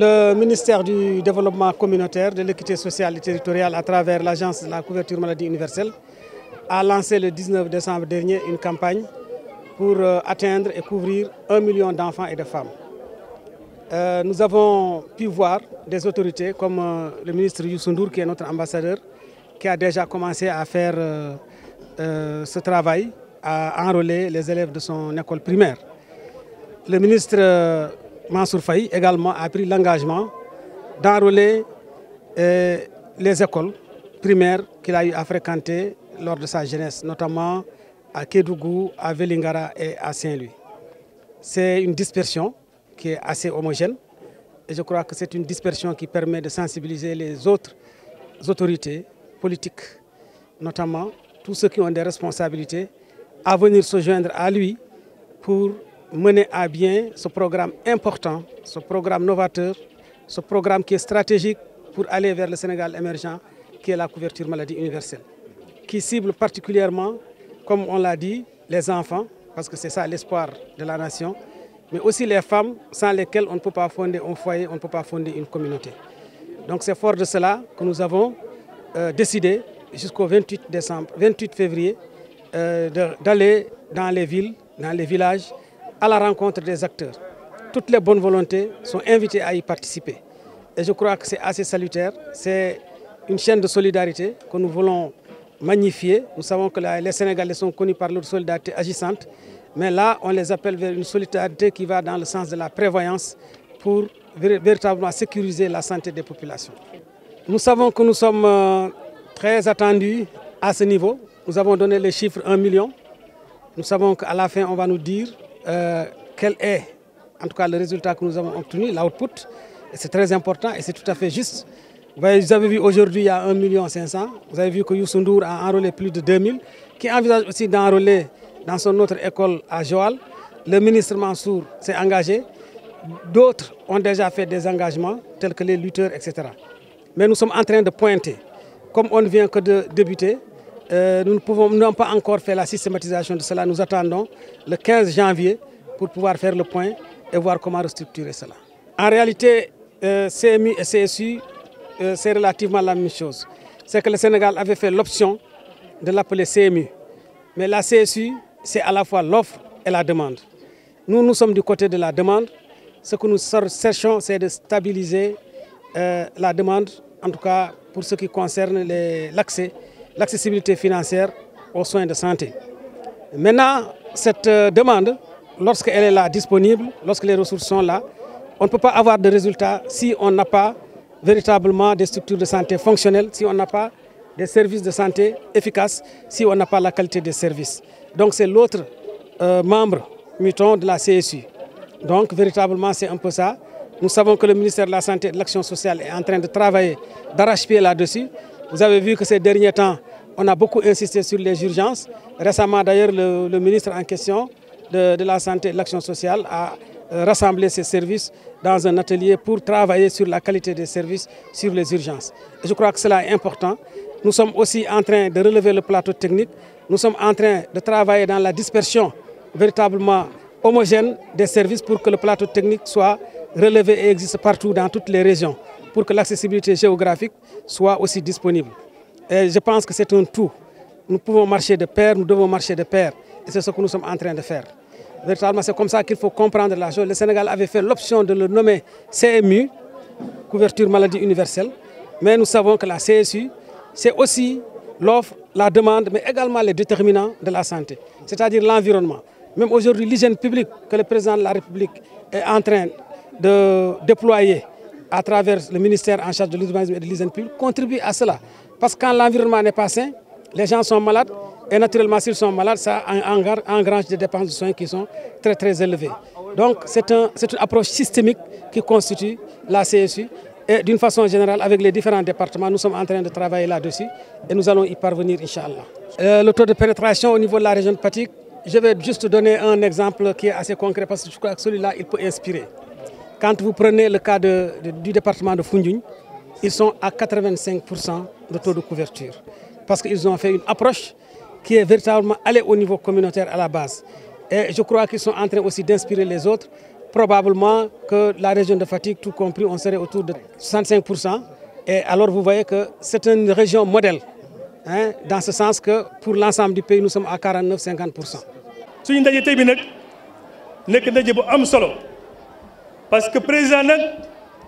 Le ministère du Développement communautaire, de l'équité sociale et territoriale à travers l'Agence de la couverture maladie universelle a lancé le 19 décembre dernier une campagne pour euh, atteindre et couvrir un million d'enfants et de femmes. Euh, nous avons pu voir des autorités comme euh, le ministre Ndour qui est notre ambassadeur, qui a déjà commencé à faire ce travail, à enrôler les élèves de son école primaire. Le ministre Mansour Faye également a pris l'engagement d'enrôler euh, les écoles primaires qu'il a eu à fréquenter lors de sa jeunesse, notamment à Kédougou, à Velingara et à Saint-Louis. C'est une dispersion qui est assez homogène et je crois que c'est une dispersion qui permet de sensibiliser les autres autorités politiques, notamment tous ceux qui ont des responsabilités, à venir se joindre à lui pour mener à bien ce programme important, ce programme novateur, ce programme qui est stratégique pour aller vers le Sénégal émergent, qui est la couverture maladie universelle, qui cible particulièrement, comme on l'a dit, les enfants, parce que c'est ça l'espoir de la nation, mais aussi les femmes sans lesquelles on ne peut pas fonder un foyer, on ne peut pas fonder une communauté. Donc c'est fort de cela que nous avons euh, décidé jusqu'au 28, décembre, 28 février euh, d'aller dans les villes, dans les villages, à la rencontre des acteurs. Toutes les bonnes volontés sont invitées à y participer. Et je crois que c'est assez salutaire. C'est une chaîne de solidarité que nous voulons magnifier. Nous savons que les Sénégalais sont connus par leur solidarité agissante. Mais là, on les appelle vers une solidarité qui va dans le sens de la prévoyance pour véritablement sécuriser la santé des populations. Nous savons que nous sommes euh, très attendus à ce niveau. Nous avons donné les chiffres 1 million. Nous savons qu'à la fin, on va nous dire euh, quel est en tout cas le résultat que nous avons obtenu, l'output. C'est très important et c'est tout à fait juste. Vous avez vu aujourd'hui, il y a 1,5 million. Vous avez vu que Youssou Ndour a enrôlé plus de 2 000, qui envisage aussi d'enrôler dans son autre école à Joal. Le ministre Mansour s'est engagé. D'autres ont déjà fait des engagements, tels que les lutteurs, etc. Mais nous sommes en train de pointer. Comme on ne vient que de débuter, euh, nous n'avons pas encore fait la systématisation de cela. Nous attendons le 15 janvier pour pouvoir faire le point et voir comment restructurer cela. En réalité, euh, CMU et CSU, euh, c'est relativement la même chose. C'est que le Sénégal avait fait l'option de l'appeler CMU. Mais la CSU, c'est à la fois l'offre et la demande. Nous, nous sommes du côté de la demande. Ce que nous cherchons, c'est de stabiliser euh, la demande, en tout cas pour ce qui concerne l'accès l'accessibilité financière aux soins de santé. Maintenant, cette euh, demande, lorsqu'elle est là disponible, lorsque les ressources sont là, on ne peut pas avoir de résultats si on n'a pas véritablement des structures de santé fonctionnelles, si on n'a pas des services de santé efficaces, si on n'a pas la qualité des services. Donc c'est l'autre euh, membre, mutant de la CSU. Donc véritablement c'est un peu ça. Nous savons que le ministère de la Santé et de l'Action sociale est en train de travailler d'arrache-pied là-dessus. Vous avez vu que ces derniers temps, on a beaucoup insisté sur les urgences. Récemment, d'ailleurs, le, ministre en question de, la Santé et de l'Action sociale a euh, rassemblé ses services dans un atelier pour travailler sur la qualité des services, sur les urgences. je crois que cela est important. Nous sommes aussi en train de relever le plateau technique. Nous sommes en train de travailler dans la dispersion véritablement homogène des services pour que le plateau technique soit relevé et existe partout dans toutes les régions, pour que l'accessibilité géographique soit aussi disponible je pense que c'est un tout. Nous pouvons marcher de pair, nous devons marcher de pair. Et c'est ce que nous sommes en train de faire. Véritablement, c'est comme ça qu'il faut comprendre la chose. Le Sénégal avait fait l'option de le nommer CMU, couverture maladie universelle. Mais nous savons que la CSU, c'est aussi l'offre, la demande, mais également les déterminants de la santé, c'est-à-dire l'environnement. Même aujourd'hui, l'hygiène publique que le président de la République est en train de déployer à travers le ministère en charge de l'urbanisme et de l'hygiène publique contribue à cela. Parce que quand l'environnement n'est pas sain, les gens sont malades. Et naturellement, s'ils sont malades, ça engrange des dépenses de soins qui sont très très élevées. Donc c'est un, une approche systémique qui constitue la CSU. Et d'une façon générale, avec les différents départements, nous sommes en train de travailler là-dessus et nous allons y parvenir, Inch'Allah. Euh, le taux de pénétration au niveau de la région de Patik, je vais juste donner un exemple qui est assez concret parce que je crois que celui-là, il peut inspirer. Quand vous prenez le cas du département de Fundjoun, ils sont à 85% de taux de couverture. Parce qu'ils ont fait une approche qui est véritablement allée au niveau communautaire à la base. Et je crois qu'ils sont en train aussi d'inspirer les autres. Probablement que la région de fatigue, tout compris, on serait autour de 65%. Et alors vous voyez que c'est une région modèle. Hein, dans ce sens que pour l'ensemble du pays, nous sommes à 49-50%. Parce que président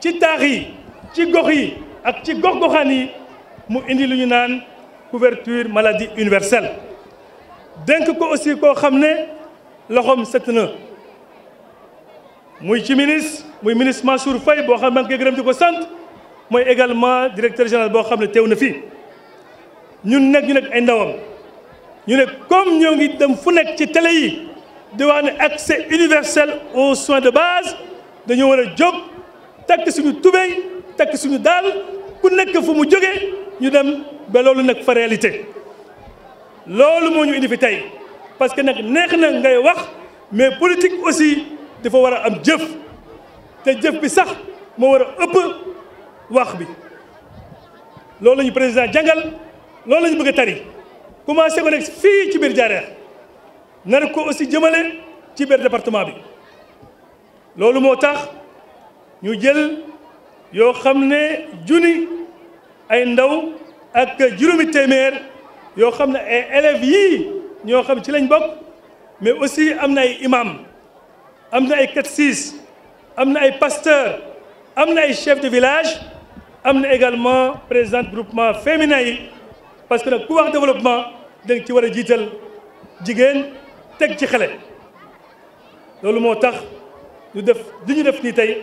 ci taax yi ci gox ak ci gox mu indi lu ñu naan couverture maladie universelle dénk ko aussi koo xam ne loxoom set na muy ci ministre muy ministre Mansour Faye boo xam ne maa ngi koy gërëm di ko sant également directeur général boo xam ne teew na fii ñun nag ñu nekk ay ndawam ñu ne comme ñoo ngi dem fu nekk ci télé yi di wax accès universel aux soins de base dañoo war a jóg takk suñu tubéy takk suñu dal ku nek fu mu jóge ñu dem ba loolu nak fa réalité loolu moo ñu indi fi tay parce que nak neex na ngay wax mais politique aussi dafa wara am jëf té jëf bi sax mo wara a ëpp wax bi loolu lañu président jàngal loolu lañu bëgg tari commencé ko nek fi ci bir Diarra nar ko aussi jëmele ci bir département bi loolu moo tax ñu jël yoo xam ne junni ay ndaw ak juróomi téeméer yoo xam ne ay élèves yii ñoo xam ci lañ bokk mais aussi am na ay imam am na ay catéchiste am na ay pasteur am na ay chef de village am na également présidente groupement féminin yi parce que nag ku wax développement da ci war a jiital jigéen teg ci xale loolu moo tax ñu def di ñu def nii tey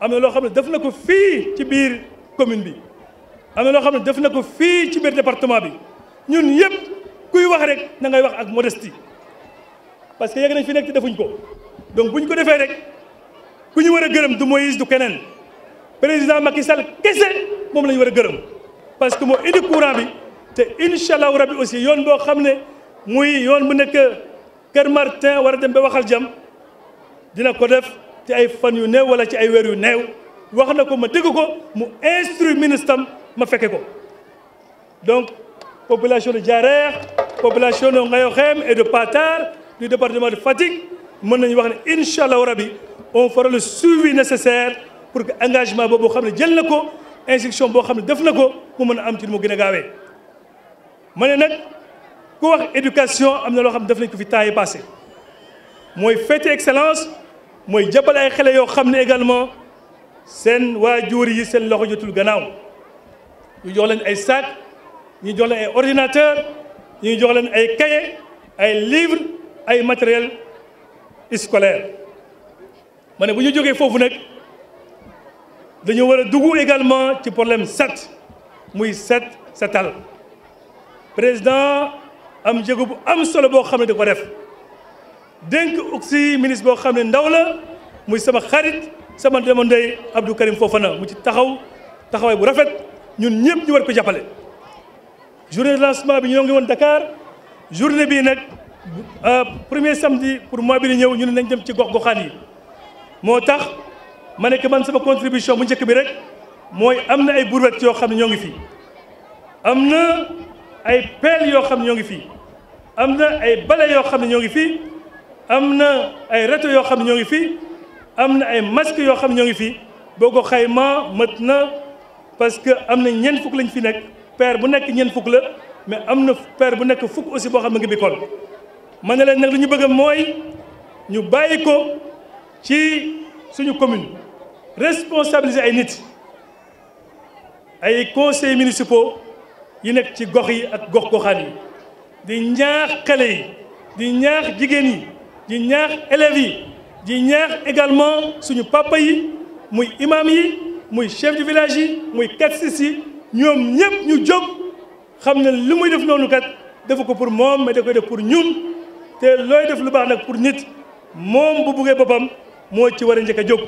am na loo xam ne def na ko fii ci biir commune bi am na loo xam ne def na ko fii ci biir département bi ñun yëpp kuy wax rek na ngay wax ak modestie parce que yegg nañ fi nekk defuñ ko donc buñ ko defee rek ku ñu war a gërëm du Moïse du keneen président Macky Sall kese moom la ñu war a gërëm parce que moo indi courant bi te incha allahu rabi aussi yoon boo xam ne muy yoon bu nekk Kër Martin war a dem ba waxal jam dina ko def. ci ay fan yu néew wala ci ay weer yu néew wax ko ma dégg ko mu instruit ministre am ma fekke ko donc population de Diarère population de Ngayokhem et de Patar du département de Fatigue, mën nañu wax ne incha allahu rabi on fera le suivi nécessaire pour que engagement boobu xam ne jël na ko instruction boo xam ne def na ko mu mën a am ci mu gën a gaawee ma ne nag ku wax éducation am na loo def nañ ko fi temps passé mooy fête excellence moy jëbal ay xalé yo xamné également sen wajuri yi seen loxo jotul gannaaw ñu jox leen ay sac ñu jox leen ay ordinateur ñu jox leen ay cahier ay livre ay matériel scolaire mané ne bu ñu jógee foofu nag dañu wara duggu également ci problème set muy set setal président am jéego bu am solo bo xamné ko def dénk aussi ministre boo xam ne ndaw la muy sama xarit sama demandey Abdou Karim Fofana mu ci taxaw taxawaay bu rafet ñun ñëpp ñu war ko jàppale. journée de lancement bi ñoo ngi woon Dakar journée bii nag euh, premier samedi pour mois bi di ñëw ñu ne nañ dem ci gox-goxaan yi moo tax ma ne man sama contribution bu njëkk bi rek mooy am na ay brouettes yoo xam ne ñoo ngi fi am na ay pelles yoo xam ne ñoo ngi fi am na ay balais yoo xam ne ñoo ngi fi. am na ay rajo yoo xam ne ñoo ngi fi am na ay masque yoo xam ne ñoo ngi fi boo ko xaymaa mët na parce que am na ñeent fukk lañu fi nekk paire bu nekk ñeent fukk la mais am na paire bu nekk fukk aussi boo xam ne ngi bi kon ma ne leen nag lu ñu bëgg mooy ñu bàyyi ko ci suñu commune responsabiliser ay nit ay conseils municipaux yi nekk ci gox yi ak gox goxaan yi di ñaax xale yi di ñaax jigéen yi di ñaax élèves yi di ñaax également suñu papa yi muy imam yi muy chef du village yi muy catéchiste yi ñoom ñëpp ñu jóg xam ne li muy def noonu kat defu ko pour moom mais da koy def pour ñun te looy def lu baax nag pour nit moom bu buggee boppam moo ci war a njëkk a jóg.